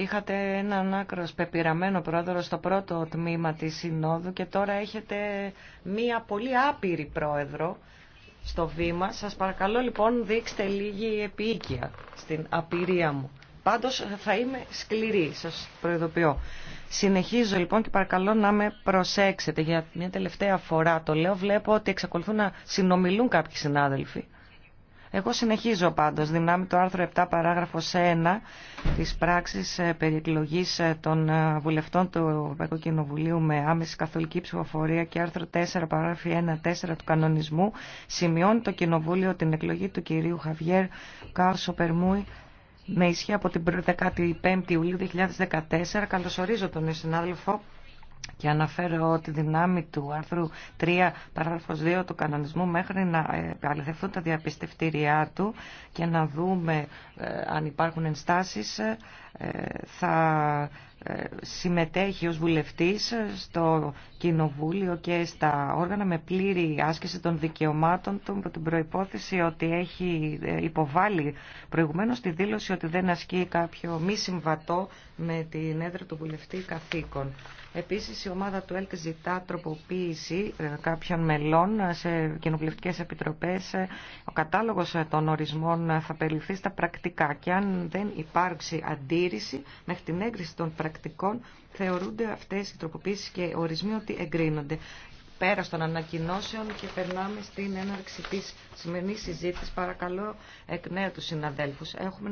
Είχατε έναν άκρο πεπειραμένο πρόεδρο στο πρώτο τμήμα της Συνόδου και τώρα έχετε μία πολύ άπειρη πρόεδρο στο βήμα. Σας παρακαλώ λοιπόν δείξτε λίγη επίοικια στην απειρία μου. Πάντως θα είμαι σκληρή, σας προειδοποιώ. Συνεχίζω λοιπόν και παρακαλώ να με προσέξετε. Για μια τελευταία φορά το λέω, βλέπω ότι εξακολουθούν να συνομιλούν κάποιοι συνάδελφοι. Εγώ συνεχίζω πάντως δυνάμει το άρθρο 7 παράγραφος 1 της πράξης ε, περί εκλογής ε, των ε, βουλευτών του Ευρωπαϊκού Κοινοβουλίου με άμεση καθολική ψηφοφορία και άρθρο 4 παραγραφο 1 1-4 του κανονισμού σημειώνει το Κοινοβούλιο την εκλογή του κυρίου Χαβιέρ Κάουσο Περμούη με ισχύ από την 15η Ιουλίου 2014. Καλωσορίζω τον συνάδελφο και αναφέρω ότι δυνάμει του άρθρου 3 παράγραφος 2 του κανονισμού μέχρι να ε, αληθευτούν τα διαπιστευτήριά του και να δούμε ε, αν υπάρχουν ενστάσεις ε, θα ε, συμμετέχει ως βουλευτής στο Κοινοβούλιο και στα όργανα με πλήρη άσκηση των δικαιωμάτων του με την προϋπόθεση ότι έχει ε, υποβάλει προηγουμένως τη δήλωση ότι δεν ασκεί κάποιο μη συμβατό με την έδρα του βουλευτή καθήκον. Επίσης η ομάδα του ΕΛΚ ζητά τροποποίηση ε, κάποιων μελών σε κοινοβουλευτικέ επιτροπές. Ο κατάλογος των ορισμών θα περιληφθεί στα πρακτικά και αν δεν υπάρξει αντίρρηση μέχρι την έγκριση των πρακτικών θεωρούνται αυτές οι τροποποίησεις και ορισμοί ότι εγκρίνονται. Πέρα των ανακοινώσεων και περνάμε στην έναρξη της σημερινής συζήτησης. Παρακαλώ εκ νέου τους συναδέλφους. Έχουμε